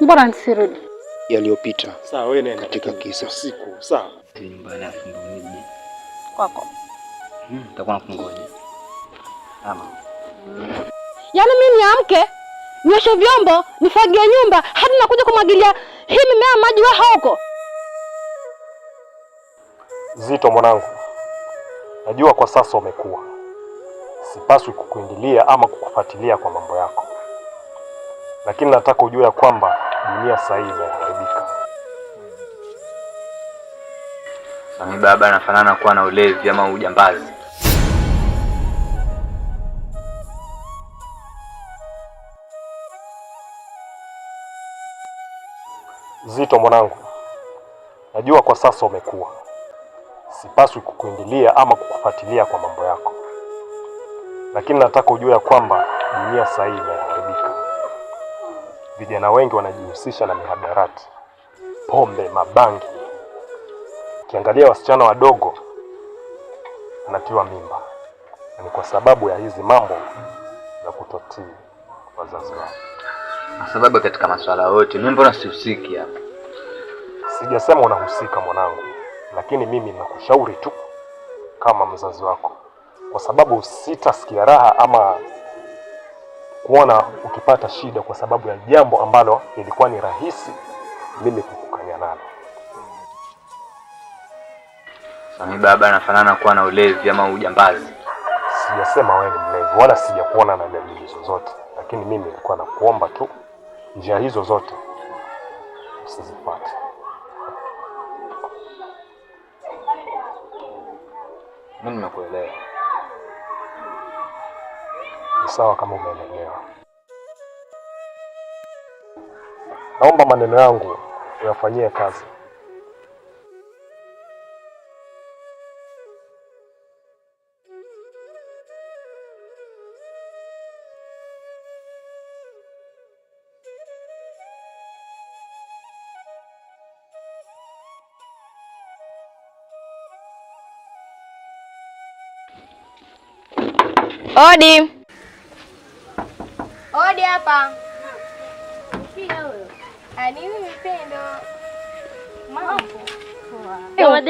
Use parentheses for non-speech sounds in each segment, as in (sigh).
Mbona nisirudi? Yaliyopita. Sawa, wewe nenda katika kisa. Siku, sawa. Nyumbani afu ndo nije. Kwako. Mm, nitakuwa nakungoja. Ama. Yaani mimi niamke, nioshe vyombo, nifagie nyumba, hadi nakuja kumwagilia hii mimea maji wa huko. Zito mwanangu. Najua kwa sasa umekuwa. Sipaswi kukuingilia ama kukufuatilia kwa mambo yako lakini nataka ujue ya kwamba dunia sasa hivi imeharibika. Sami baba anafanana kuwa na ulevi ama ujambazi. Zito mwanangu, najua kwa sasa umekuwa, sipaswi kukuingilia ama kukufuatilia kwa mambo yako, lakini nataka ujue ya kwamba dunia sasa hivi vijana wengi wanajihusisha na mihadarati, pombe, mabangi. Ukiangalia wasichana wadogo wanatiwa mimba, na ni kwa sababu ya hizi mambo za kutotii wazazi wao. Kwa sababu katika masuala yote mimi mbona sihusiki hapa? Sijasema unahusika mwanangu, lakini mimi nakushauri tu kama mzazi wako, kwa sababu sitasikia raha ama kuona ukipata shida kwa sababu ya jambo ambalo ilikuwa ni rahisi mimi kukukanya nalo. Sami baba anafanana kuwa na ulevi ama ujambazi. Sijasema wewe ni mlevi wala sijakuona na dalili zozote, lakini mimi nilikuwa nakuomba tu njia hizo zote usizifuate. Mimi nimekuelewa sawa kama umeelewa. Naomba maneno yangu uyafanyie kazi. Odi. Odi hapa. Pia Ani huyu mpendo. Mambo. Poa.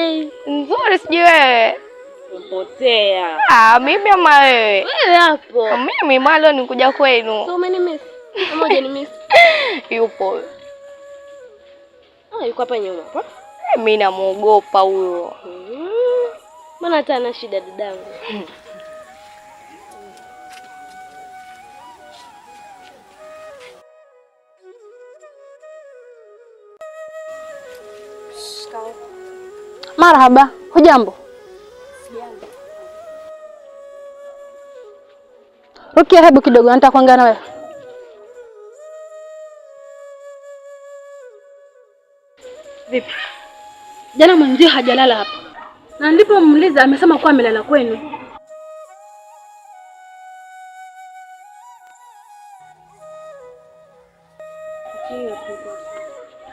Nzuri sijui wewe. potea. Ah, mimi ama wewe. Wewe hapo. Mimi malo ni kuja kwenu. So many miss. Mmoja ni miss. (laughs) Yupo. Ah, yuko hapa nyuma hapa. Eh, mimi namuogopa huyo. Hmm. Maana hata ana shida dadangu. (laughs) Marhaba, hujambo? Rukia, hebu kidogo, nataka kuongea na wewe. Vipi? Jana mwenzio hajalala hapa, na nilipomuuliza amesema kuwa amelala kwenu.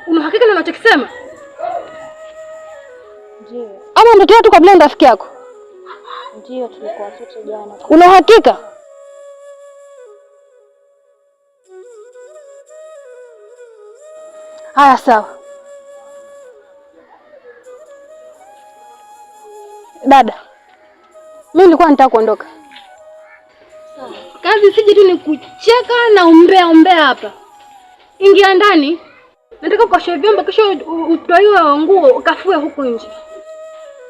Unahakika na unachokisema? Ama ndoto yetu kabla ni rafiki yako? Ndiyo, tulikuwa sote jana. Una uhakika? Haya, sawa. Dada, mi nilikuwa nitaka kuondoka kazi, sije tu ni kucheka na umbea umbea hapa. Ingia ndani, nataka ukoshe vyombo, kisha utoiwe nguo ukafue huku nje.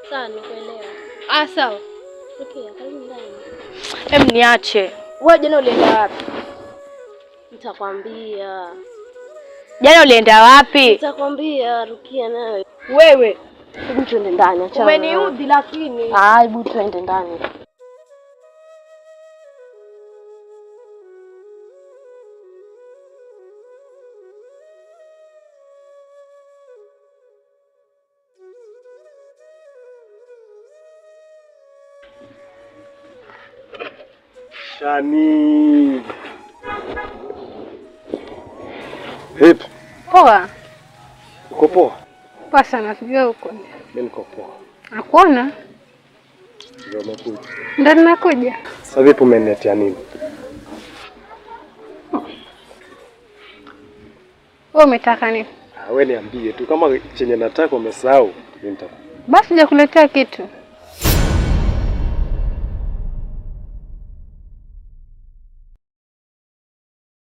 Sawa, nikuelewa. Ah, sawa. Okay, karibu ndani. Hem, niache. Wewe jana ulienda wapi? Nitakwambia. Jana ulienda wapi? Nitakwambia Rukia nawe. Wewe, hebu twende ndani, acha. Umeniudhi lakini. Ah, hebu twende ndani. Shani. Vipi? Poa. Uko poa? Poa sana, sijui uko. Mimi niko poa. Nakuona? Ndio nakuja. Ndio nakuja. Sasa vipi umeniletea nini? Wewe umetaka nini? Ah, wewe niambie tu kama chenye nataka umesahau, mimi nitakupa. Basi sijakuletea kitu.